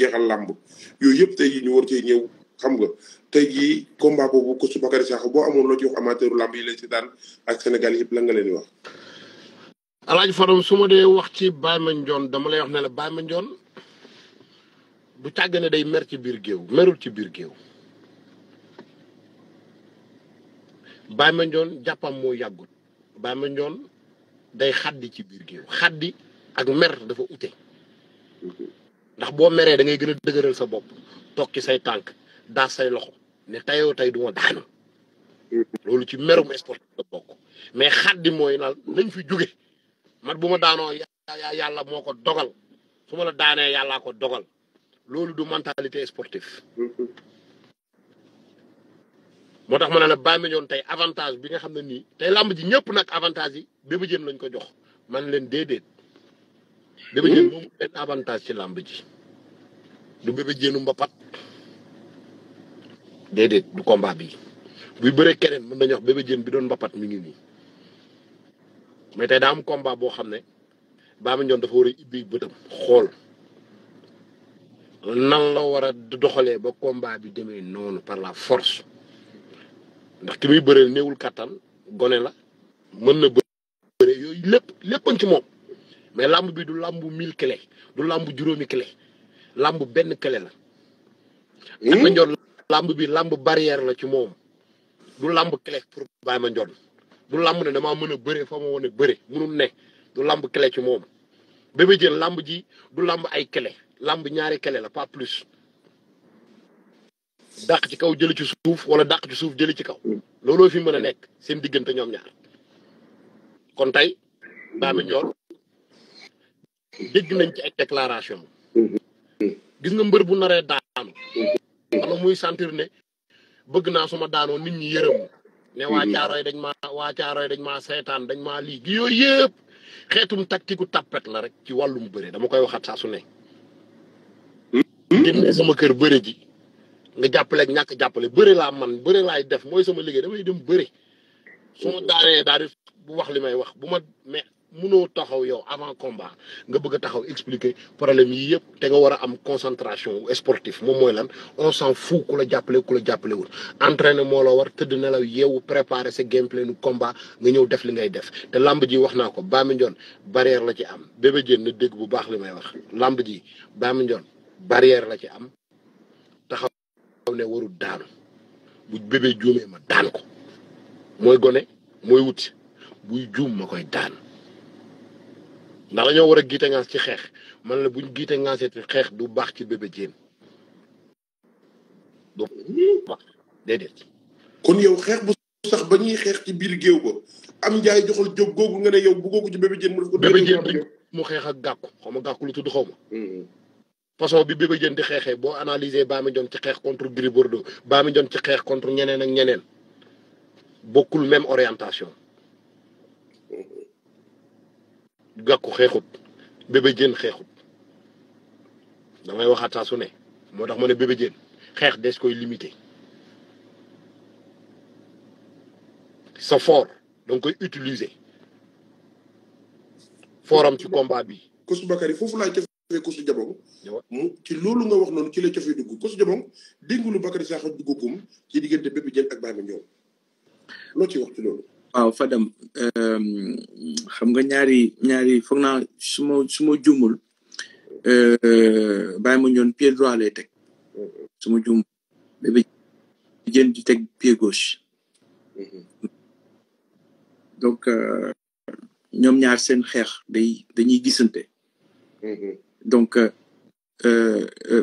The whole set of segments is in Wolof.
jeexal lamb yooyu yëpp tey ñu war cee ñëw xam nga tey jii combat boobu ko su bakari sax boo amoon loo ci wax amateur lamb yi lay si daan ak Sénégal yëpp la nga leen wax. Alaaji Faram su ma dee wax ci Baye Mandione dama lay wax ne la Baye Mandione du tàgg ne day mer ci biir géew merul ci biir géew Baye Mandione jàppam moo yàggut Baye Mandione day xaddi ci biir géew xaddi ak mer dafa ute. ndax boo meree da ngay gën a dëgëral sa bopp toog ci say tànk daas say loxo ne tayoo tey duma daanu loolu ci merum sport la bokk mais xaddi mooy naan nañ fi jóge mat bu ma daanoo yàlla moo ko dogal su ma la daanee yàllaa ko dogal loolu du mentalité sportive moo tax ma ne na bàyyi ma tey avantage bi nga xam ne nii tey làmb ji ñëpp nag avantage yi Bébé Diène lañ ko jox man leen déedéet Bébé Diène moomu leen avantage ci làmb ji du bébé jéenu mbapat déedéet du combat bi buy bëree keneen mën nañu wax bébé jéen bi doon mbappat mu ngi mii mais tey daa am combat boo xam ne baa Baba Ndione dafa war a ibbi bëtam xool nan la war a doxalee ba komba bi demee noonu par la force ndax ki muy bëreel néewul kattan gone la mën na bëre yooyu lépp léppañ ci moom mais làmb bi du làmbu mille clé du làmb juróomi clé làmb benn kële la. Baye hmm? Mandione làmb bi làmb barrière la ci moom. du làmb kële pour Baye Mandione du làmb ne damaa mën a bëre fa ma woon a bëre munul ne du làmb kële ci moom. Bébé Diène làmb ji du làmb ay kële làmb ñaari kële la pas plus. dàq ci kaw jëli ci suuf wala dàq ci suuf jële ci kaw. Hmm. looloo fi mën a nekk seen diggante ñoom ñaar kon tey Baye Mandione dégg nañ ci ay déclaration gis nga mbër bu naree daanu. wala muy sentir ne bëgg naa suma daanoo nit ñi yërëm. ne waa mhm. caaroy dañ maa waa caaroy dañ maa seetaan dañ maa lii gi yooyu yëpp xeetum tactique tapet la rek ci wàllum bëre dama koy waxaat saa ne. Mhm. génne sama kër bëre ji nga jàppale ak ñàkk jàppale bëre laa man bëre laay def mooy sama liggéey damay dem bëre su ma daanee daal di wax li may wax bu ma mais munoo taxaw yow avant combat nga bëgg taxaw expliquer problème yi yëpp té nga wara am concentration sportif moom moy lan on s'en fout ku la jàppale ku la jàppale wul entraîner moo la war na nelaw yeewu préparer sa game plan combat nga ñëw def li ngay def té lamb ji wax naa Bami barrière la ci am Bébé Diène na dégg bu baax li may wax lamb ji Bami barrière la ci am taxaw ne waru daanu bu bébé juumee ma daan ko moy goné moy wut buy juum ma koy daan ndax dañoo war a giite ngaas ci xeex man la buñ giite ngaasee ci xeex du baax ci bébé jéen du baax déedéet kon yow xeex bu sax ba ñuy xeex ci biir géew ba am njaay joxal jóg googu nga ne yow buggoo ko ci bébé jéen mu ko bébé mu xeex ak gàkku xaw ma lu tudd xaw ma mm-hmm. façon bi bébé analyser baa ci contre Gris Bordeaux baa ci contre ak même orientation gàkku xeexut bébé jën xeexut damay waxaat saa su ne moo tax ma ne bébé jën xeex des koy limité sa fort donc koy utiliser forum ci combat bi Kousu Bakary fofu la cofee Kousu Jabong mu ci lolu nga wax non ci la cofee dugg Kousu Jabong dégg lu Bakary Sakho kum ci diggante bébé jën ak Baye Mandione lo ci wax ci loolu waaw Fadam ehm, xam nga ñaari ñaari foog naa su ma su ma juumul bàyyi ma ñoon pied droit lay teg su ma juumul bébé jën di teg pied gauche donc ñoom ñaar seen xeex day dañuy gisante donc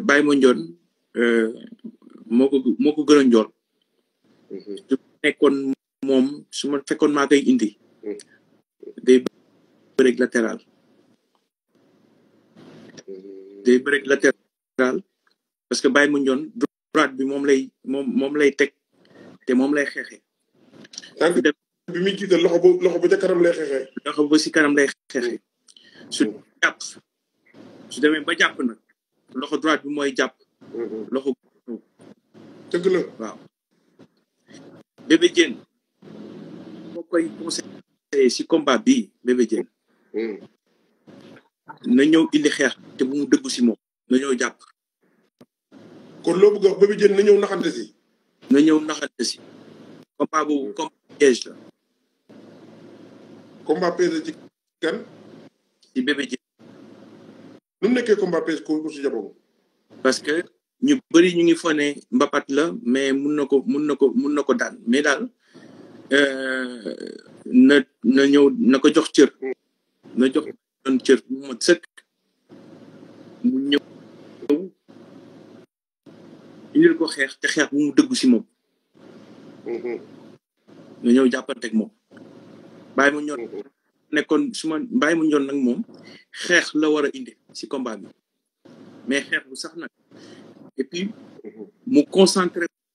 bàyyi ma ñoon moo ko moo ko gën a njool mhm. nekkoon moom suma ma fekkoon maa koy indi day bëreeg latéral day bëreeg latéral parce que Baye Mandione droite bi moom lay moom moom lay teg te moom lay xeexe bi muy jiital loxo ba loxo ba ca lay xeexee loxo ba si kanam lay xeexee su mm. jàpp demee ba jàpp na loxo droite bi mooy jàpp mm-hmm. loxo la waaw Bébé Diène moo koy conseillé si combat bi Bébé hmm. na ñëw indi xeex te bu mu dëggu si moom na ñëw jàpp kon loo bëgg a na ñëw naxante si na ñëw naxante si combat boobu hmm. combat piège la combat piège la nu nekkee combat piège ko ko si jabon parce que ñu bari ñu ngi fone mbapat la mais mun na ko mun na ko mun na ko daan mais daal Euh, na na ñëw na ko jox cër na jox doon cër bu mat sëkk mu ñëw indil ko xeex te xeex bu mu dëggu si moom na ñëw jàppanteeg moom bàyyi mu ñor su ma bàyyi mu ñor nag moom xeex la war a indi si combat bi mais xeex bu sax na et puis mm-hmm. mu concentré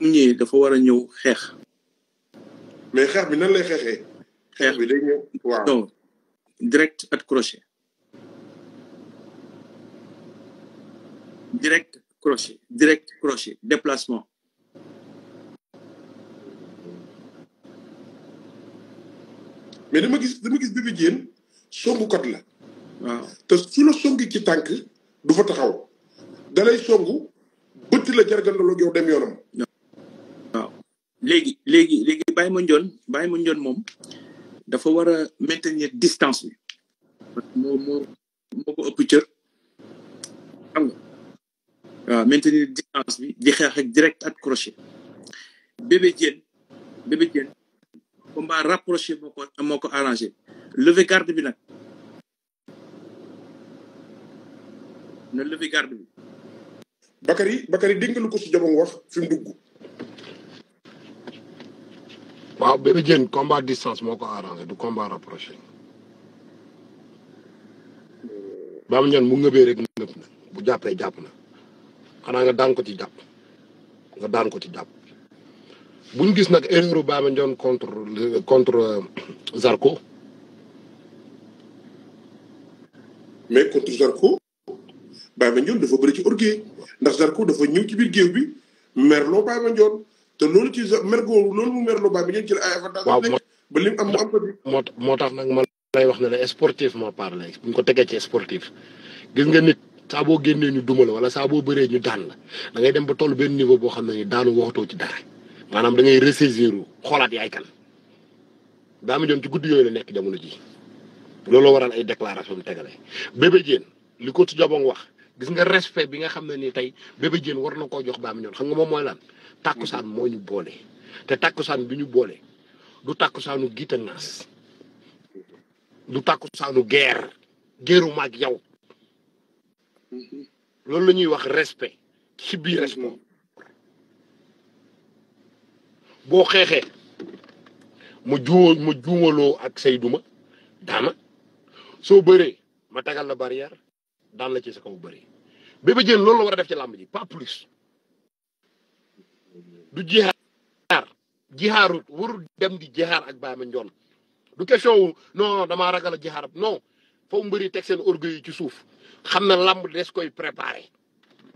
ñëwee dafa wara a ñëw xeex. mais xeex bi nan lay xexé xeex bi day ñëw waaw non direct at crochet. direct crochet direct crochet déplacement. mais dama gis dama gis Bébé Diène songukat la. waaw te su la songi ci tank du fa taxaw. dalay songu bëtt la jargandaloo ak yow dem yoonam. léegi léegi léegi Baye Mandione Baye Mandione moom dafa war a maintenir distance bi parce que moo ko ëpp cër xam nga maintenir distance bi di xeex ak direct ak crochet Bébé Diène Bébé Diène combat rapproché moo ko moo ko arrangé lever garde bi nag na lever garde bi Bakary Bakary dégg nga lu ko si jabong wax fi mu dugg waaw Bébé Diène combat distance moo ko arrangé du combat rapproché Baaba Ndione mu ngëbee rek ngëb na bu jàppee jàpp na xanaa nga daan ko ci jàpp daan ko ci jàpp buñ gis nag erreur Baaba Ndione contre contre euh, Zarko mais contre Zarko Baaba Ndione dafa bëri ci ndax Zarko dafa ñëw ci géew bi merloo Baaba Ndione te loolu ci mer googu loolu mu merloo baax bi ngeen jël ay avantage waaw ba lim am mu am ko di moo moo tax nag ma lay wax ne la sportivement parler bu ñu ko tegee ci sportif gis nga nit saa boo génnee ñu duma la wala saa boo bëree ñu daan la da ngay dem ba toll benn niveau boo xam ne daanu waxatoo ci dara maanaam da ngay xoolaat yaay kan daa mi joon ci guddi yooyu la nekk jamono ji looloo waral ay déclaration tegale bébé Diène li ko ci jabong wax gis nga respect bi nga xam ne nii tey bébé war na koo jox Bambilor xam nga moom mooy tàkkusaan moo ñu boole te tàkkusaan bi ñu boole du tàkkusaanu gittanaas du tàkkusaanu guerre guerru ma ak yow loolu la ñuy wax respect ci biir respect boo xeexee mu juwa mu juumaloo ak say duma daama soo bëree ma tagal la barrière daan la ci sa kaw bëree Bébé Diène loolu la war a def ci làmb ji pas plus du jihaar jihaarut warul dem di jihaar ak Baye Mandione du question wu non damaa ragal a jihaar non foo mbëri teg seen orgueil yi ci suuf xam na làmb des koy préparé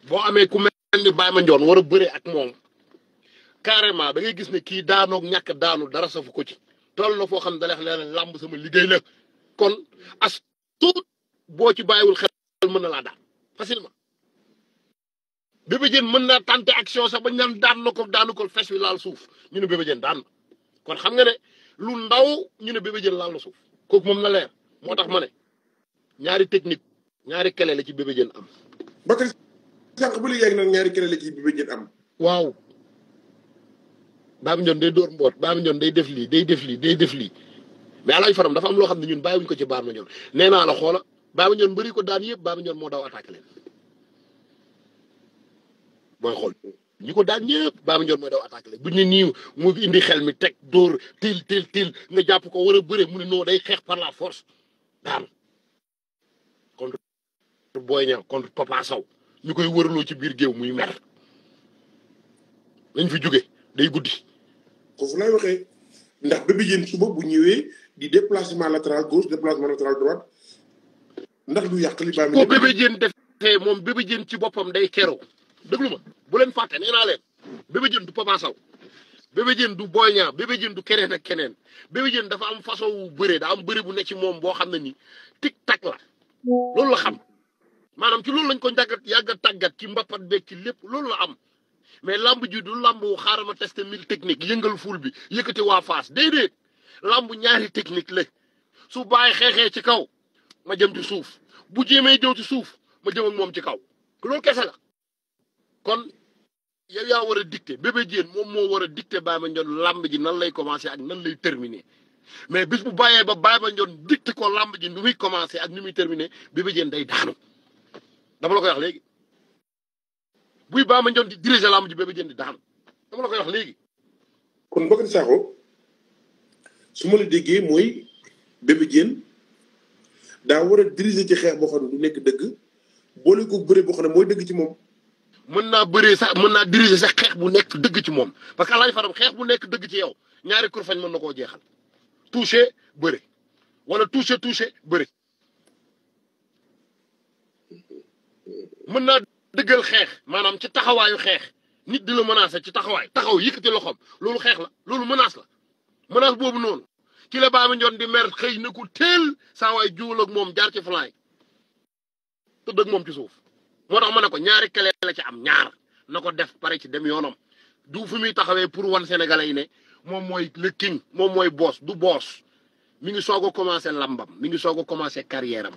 boo amee ku mel ni Baye Mandione wara a bëree ak moom carrément da ngay gis ne kii daanoog ñàkk daanu dara safu ko ci toll na foo xam ne da leen làmb sama liggéey la kon as tuut boo ci bàyyiwul xel mën na laa daan facilement Bébé Diène mën naa tenter action sax ba ñu naan daan na ko daanu ko fes wi laal suuf ñu ne Bébé Diène daan kon xam nga ne lu ndaw ñu ne Bébé Diène laal na suuf kooku moom na moo tax ma ne ñaari technique ñaari kele la ci Bébé Diène am. Bakary sànq bu ñaari kele waaw. Baam Ndione day dóor mboot Baam ñoon day def lii day def lii day def lii mais El Hadj Faram dafa am loo xam ne ñun bàyyiwuñ ko ci Baam Ndione nee naa la xoola Baam Ndione bari ko daan yëpp Baam Ndione moo daw attaqué leen. booy xool ko daan ñëpp Baaba Njoon bu ñu niiw mu indi xel mi teg dóor til jàpp ko war a mu ne day xeex par la force daan contre ñu koy wëraloo ci biir géew muy mer fi jóge day guddi foofu lay waxee ndax Bébé Diène suba bu ñëwee di déplacement latéral gauche déplacement latéral droite ndax du yàq li Baaba Njoon ko moom Bébé Diène ci boppam day keroo déglu ma bu leen fàtte nee naa leen Bébé Diène du Papa Sow Bébé Diène du Boy Niang Bébé Diène du keneen ak keneen Bébé Diène dafa am façon wu bëree daa am bëri bu nekk ci moom boo xam na ni tic tak la loolu la xam maanaam ci loolu lañ ko njàggat yàgg a tàggat ci mbappat beeg lépp loolu la am mais lamb ji du lamb wu xaaral ma testé mille technique yëngal ful bi yëkkati waa fas déedéet lamb ñaari technique le su bàyyi xeexee ci kaw ma jëm ci suuf bu jéemee jëw ci suuf ma jëm moom ci kaw loolu kese kon yow yaa war a dicté Bébé Diène moom moo war a dicté Baye Mandione làmb ji nan lay commencé ak nan lay terminé mais bis bu bàyyee ba Baye Mandione dicté ko làmb ji nu muy commencé ak nu muy terminé Bébé Diène day daanu dama la koy wax léegi buy Baye Mandione di dirigé làmb ji Bébé Diène di daanu dama la koy wax léegi. kon Bokar Sakho su ma la déggee mooy Bébé Diène daa war a diriger ci xeex boo xam ne du nekk dëgg boole ko bëre boo xam ne mooy dëgg ci moom. mën naa bëree sax mën naa diriger sax xeex bu nekk dëgg ci moom parce que Alaaji Fadam xeex bu nekk dëgg ci yow ñaari kurfañ mën na koo jeexal touché bëri wala touché touché bëri. mën naa dëggal xeex maanaam ci taxawaayu xeex nit di la menacer ci taxawaay taxaw ci loxoom loolu xeex la loolu menace la menace boobu noonu ci baa baami njoon di mer xëy na ku teel saa waay moom jaar ci falaay tëdd ak moom ci suuf. moo tax ma ne ko ñaari clé la ci am ñaar na ko def pare ci dem yoonam du fu muy taxawee pour wan Sénégalais yi ne moom mooy le moom mooy boss du boos mu ngi soog a commencé lambam mi ngi soog a commencé carrière am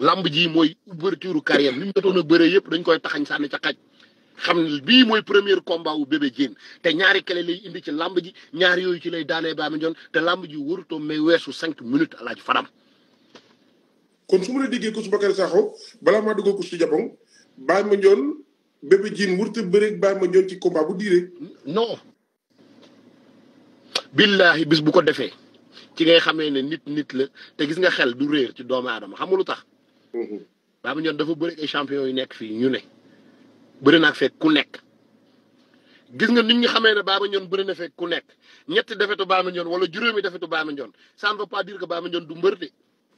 lamb ji mooy ouverture carrière li mu jotoon a bëree yëpp dañ koy taxañ sànni ca xaj xam ne bii mooy premier combat wu bébé jéen te ñaari clé lay indi ci làmb ji ñaari yooyu ci lay daanee ba mi te làmb ji warutoo may weesu cinq minutes alaaj fadam kon su ma la déggee Koulibaly Sakho balaa maa dugg ko Baye Mandione Bébé Diène wurta bëreeg Baye Mandione ci combat bu diire. non. billahi bis bu ko defee ci ngay xamee ne nit nit la te gis nga xel du réer ci doomaadama aadama lu tax. Mhm. Baye Mandione dafa bëreeg ay champion yu nekk fii ñu ne. bëri naa fekk ku nekk. gis nga nit ñi xamee ne Baye Mandione bëri na fekk ku nekk ñetti defetu Baye Mandione wala juróomi defetu Baye Mandione ça ne veut pas dire que Baye Mandione du mbër de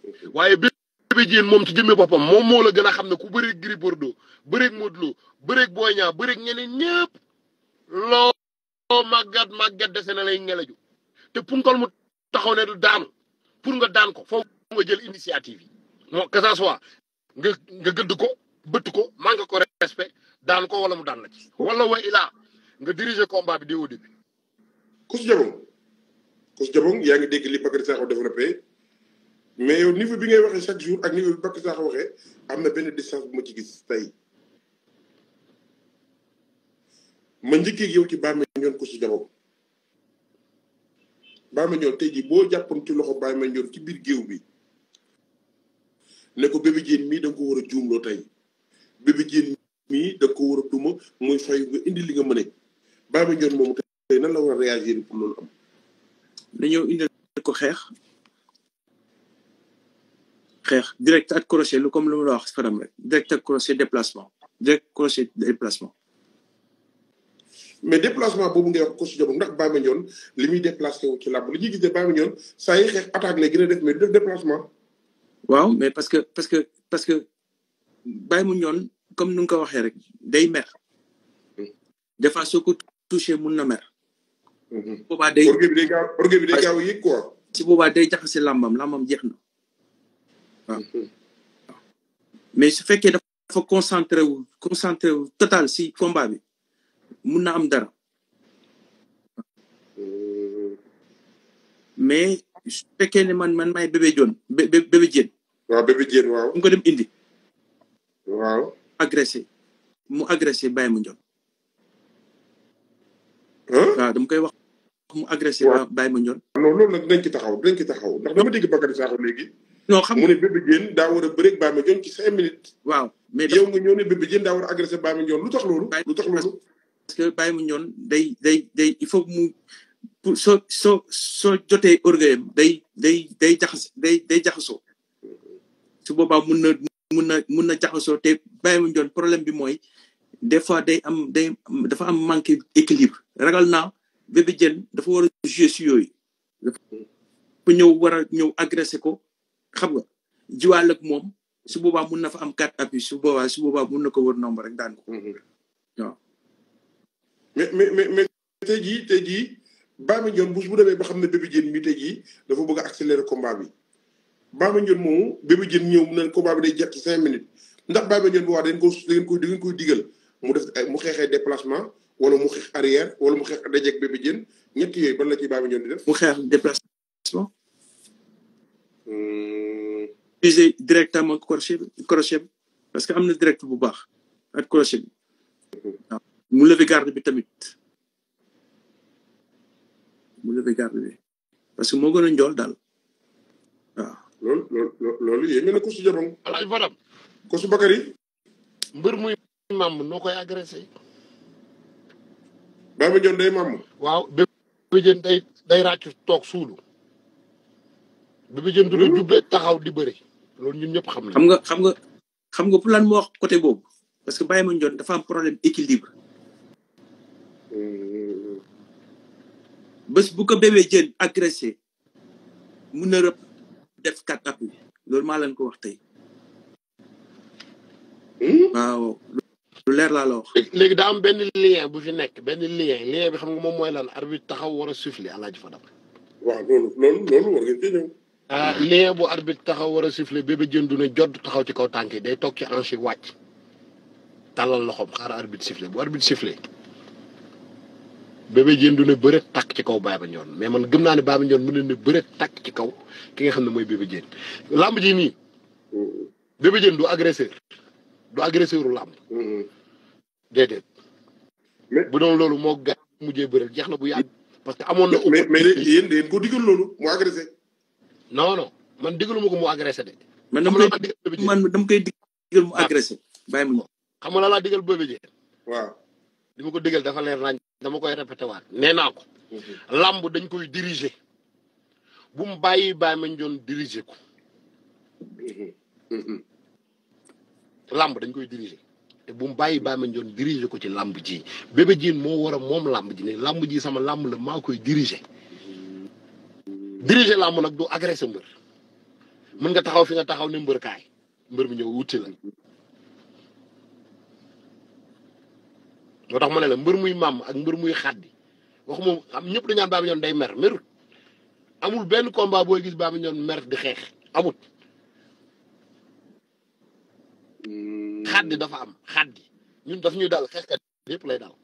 mhm. waaye Bébé mom ci jëmmé bopam mom mo la gëna xamné ku bëré gri bordo bëré modlo bëré boña bëré ñene bëreeg ñeneen ñëpp loo màggat màggat dese na lay ngelaju té punkol mu taxaw né du daanu pour nga daan ko fofu nga jël initiative mo que ça soit nga nga gëdd ko bëtt ko ma nga ko respect daan ko wala mu daan la ci wala wa ila nga diriger combat bi dé ku ci jëbum ku ci jëbum ya nga dégg li Bakary Sakho développé mais yow niveau bi ngay waxee chaque jour ak niveau bi Bakk Sakho waxee am na benn distance bu ma ci gis tey ma njëkkee yow ci Baye Mandione ko si jabob Baye Mandione tey jii boo jàppoon ci loxo Baye Mandione ci biir géew bi ne ko Bébé Diène mii da nga ko war a juumloo tey Bébé Diène mii da nga ko war a duma muy fayu nga indi li nga mën a Baye Mandione moomu tey nan la war a réagi pour loolu am. dañoo indil ko xeex. xeex direct ak crochet lu comme lu mu la wax faram rek direct ak crochet déplacement direct crochet déplacement. mais déplacement boobu ngay wax coach Diop ndax Baye Mandione li muy déplacé wu ci làmb li ñuy gis ne Baye Mandione saa yi xeex attaque lay gën a def mais def déplacement. waaw mais parce que parce que parce que Baye Mandione comme nu nga ko waxee rek day mer. des fois soo ko mun na mer. Mm-hmm. boobaa day orgueil bi day gaaw orgueil bi day gaaw yi quoi. si boobaa day jaxase lambam lambam jeex na. waaw mais su fekkee dafa concentré wu concentré wu total si combat bi mun na am dara mais su fekkee ne man man maay bébé joon bébé jén waaw bébé jén waaw mu ko dem indi waaw agressé mu agressé bàyyi mu njoon waaw dama koy wax mu agressé bàyyi mu njoon lool loolu nag dinañ ci taxaw dinañ ci taxaw ndax dama dégg Bakary Sakho léegi non xam nga mu ne Bébé Diène daa war a bëreeg Baye Mandione ci cinq minutes. waaw mais yow nga ñëw ne Bébé Diène da war a agressé Baye Mandione lu tax loolu. lu tax loolu. parce que Baye Mandione day day day il mu pour soo soo soo jotee orgueilam day day day jaxas day day jaxasoo su boobaa mun na mun na mun na jaxasoo te Baye Mandione problème bi mooy des fois day am day dafa am manqué équilibre. ragal naa Bébé Diène dafa war a si yooyu. dafa ñëw wara a ñëw agressé ko. xam nga jiwaal ak moom su boobaa mun na fa am quatre appuis su boobaa su boobaa mun na ko wër nombre rek daan ko. Mm-hmm. waaw. mais mais mais mais tey jii tey jii Baama Ndione bu bu demee ba xam ne Bébé Diène mi tey jii dafa bëgg a accélérer combat bi Baama Ndione moomu Bébé Diène ñëw mu ne combat bi day jàpp cinq minutes ndax Baama Ndione bu wax dañ ko dañ ko dañ koy mu def mu xeexee déplacement wala mu xeex arrière wala mu xeex dajeeg Bébé Diène ñett yooyu ban la ci Baama Ndione di def. mu xeex déplacement. Hmm. utiliser directement crochet crochet bi parce que am na direct bu baax ak crochet bi waaw mu lever garde bi tamit mu lever garde bi parce que moo gën a njool lol lol lol loolu loolu ko si jabam. alaaj Fadam. ko su Bakary. mbër muy màmm noo koy agressé. Baba Dione day màmm. waaw Bébé Diène day day ràcc toog suulu. Bébé Diène du jubbe taxaw di bëri. loolu ñun ñëpp xam nañu. xam nga xam nga xam nga pour lan moo wax côté boobu parce que Baye Mandione dafa am problème équilibre. Euh. bés bu ko bébee jën agressé mun na rëpp def quatre appuis loolu maa leen ko wax tey. Hmm? waaw leer laa la wax. léegi daa am benn lien bu fi nekk benn lien lien bi xam nga moom mooy lan arbitre taxaw war a souffler alaaji fa dab. Ah, nee bu arbit taxaw war a siffler bébé jëndu ne jot taxaw ci kaw tànk yi day toog ci hanche wàcc talal loxoom xaar arbit siffler bu arbit siffler bébé jëndu ne bëre takk ci kaw baaba ñoon mais man gëm naa ne baaba ñoon mën na ne bëre takk ci kaw ki nga xam ne mooy bébé jën lamb ji nii bébé jën du agresseur du agresseuru lamb déedéet bu doon loolu moo gàtt mujjee bëre jeex na bu yàgg parce que amoon na mais mais yéen ko digal loolu mu agressé non man man digaluma ko mu agressé de. man dama koy digal man dama koy digal mu ah. agressé. bàyyi ma xam nga la laa digal boobu ji. waaw li ma ko digal dafa leer nañ dama koy répété waat nee naa ko. Mhm. làmb dañ koy diriger. bu mu bàyyi bàyyi doon diriger ko. Mhm. làmb dañ koy diriger. te bu mu bàyyi bàyyi ma ñu doon ko ci làmb ji bébé jiin moo war a moom làmb ji ne làmb ji sama làmb la maa koy diriger. diriger làmb nag do agresser mbeur mën nga taxaw fi nga taxaw ni mbeur kay mbeur mi ñëw wuti la motax mané la mbeur muy mam ak mbeur muy xaddi waxuma am ñepp dañaan baabi ñon day mer mer amul benn combat boy gis baabi ñon mer di xex amut hmm. xaddi dafa am xaddi ñun daf ñuy dal kat lepp lay dal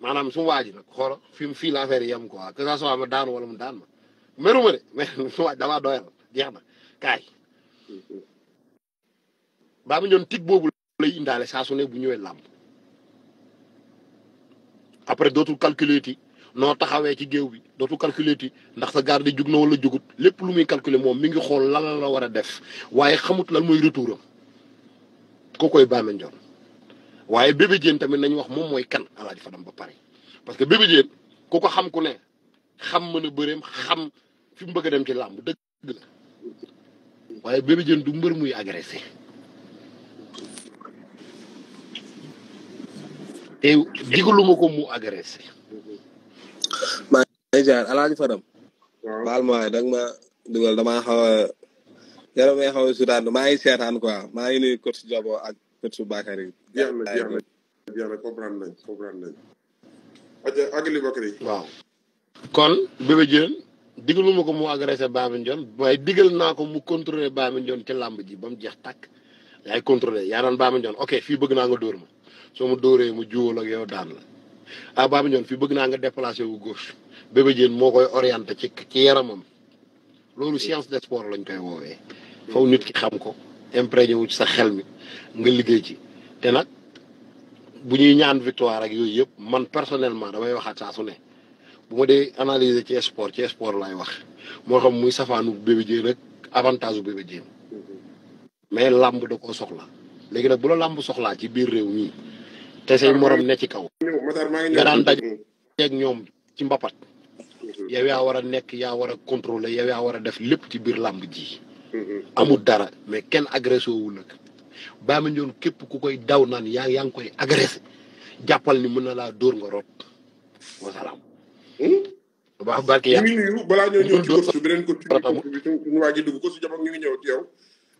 manam su waji nak xoro fim fi l'affaire yam quoi que ça soit ma daan wala mu daan ma meruma de mais waaj damaa doyal jeex na kaay baa mu ñoon tig boobu lay indaale saa su ne bu ñëwee làmb après dootul calculer ti noo taxawee ci géew bi dootul calculer ti ndax sa garde jug na wala jugut lépp lu muy calculer moom mi ngi xool lan la war a def waaye xamut lan mooy retour am kookoy baame njoon waaye bébé jéen tamit nañu wax moom mooy kan alaaji Fadam ba pare parce que bébé jéen ku ko xam ku ne xam mën a bëreem xam fi mu bëgg a dem ci làmb dëgg waaye Bébé Diène du mbër muy agressé te digaluma ko mu agressé. maa ngi jaar alaaji Fadam. ma waaye dugal damaa xaw a yaram xaw a ngi seetaan quoi maa ngi nuyu coach Diabo ak coach Bakary. jeex kon Bébé Diène digaluma ko mu agressé Babi Ndione waaye digal naa ko mu contrôler Babi Ndione ci làmb ji ba mu jeex tàkk yaay contrôler yaa naan Babi Ndione ok fii bëgg naa nga dóor ma soo ma dóoree mu jiwóol ak yow daan la ah Babi Ndione fii bëgg naa nga déplacé wu gauche Bébé moo koy orienté ci ci yaramam loolu science de sport lañ koy woowee faw nit ki xam ko imprégné wu ci sa xel mi nga liggéey ci te nag bu ñuy ñaan victoire ak yooyu yëpp man personnellement damay waxaat saa ne bu ma dee analyser ci sport ci sport lay wax moo xam muy safaanu Bébé Diène rek avantage bu Bébé mais làmb da koo soxla léegi nag bu la làmb soxlaa ci biir réew mi te say ah, morom ne ci kaw. nga daan daj ak ñoom ci mbapat. Mhm. yow yaa war a nekk yaa war a contrôler yow yaa war a def lépp ci biir làmb ji. Mhm. amul dara mais kenn agressé wu nag. baa ma ñoon képp ku koy daw naan yaa yaa ngi koy agressé jàppal ni mën na laa dóor nga rot waaw hmm? barke yaa ngi nuyu balaa ñoo ñëw ci gëstu beneen continué waa ji dugg gëstu jamono ñu ngi ñëw ci yow.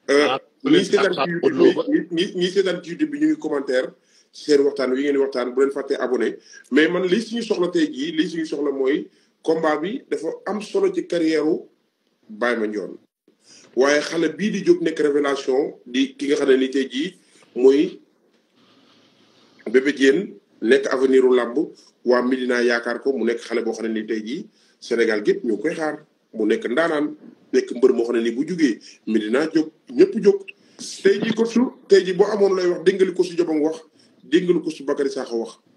Ah, euh, ñii seetaan ci YouTube bi ñii seetaan ci bi ñu ngi commentaire seen waxtaan wi ngeen di waxtaan bu leen fàttee abonné mais man lii suñu soxla tey jii lii suñu soxla mooy combat bi dafa am solo ci carrière u Baye Mandione waaye xale bii di jóg nekk révélation di ki nga xam ne ni tey jii mooy Bébé Diène nekk avenir u làmb waa Medina yaakaar ko mu nekk xale boo xam ne ni tey jii Sénégal gépp ñu koy xaar mu nekk ndaanaan nekk mbër moo xam ne ni bu jugee Medina jóg ñëpp jóg. tey jii ko su tey jii boo amoon lay wax dégg nga li ko su Jobam wax dégg nga li ko su Bakary Sakho wax.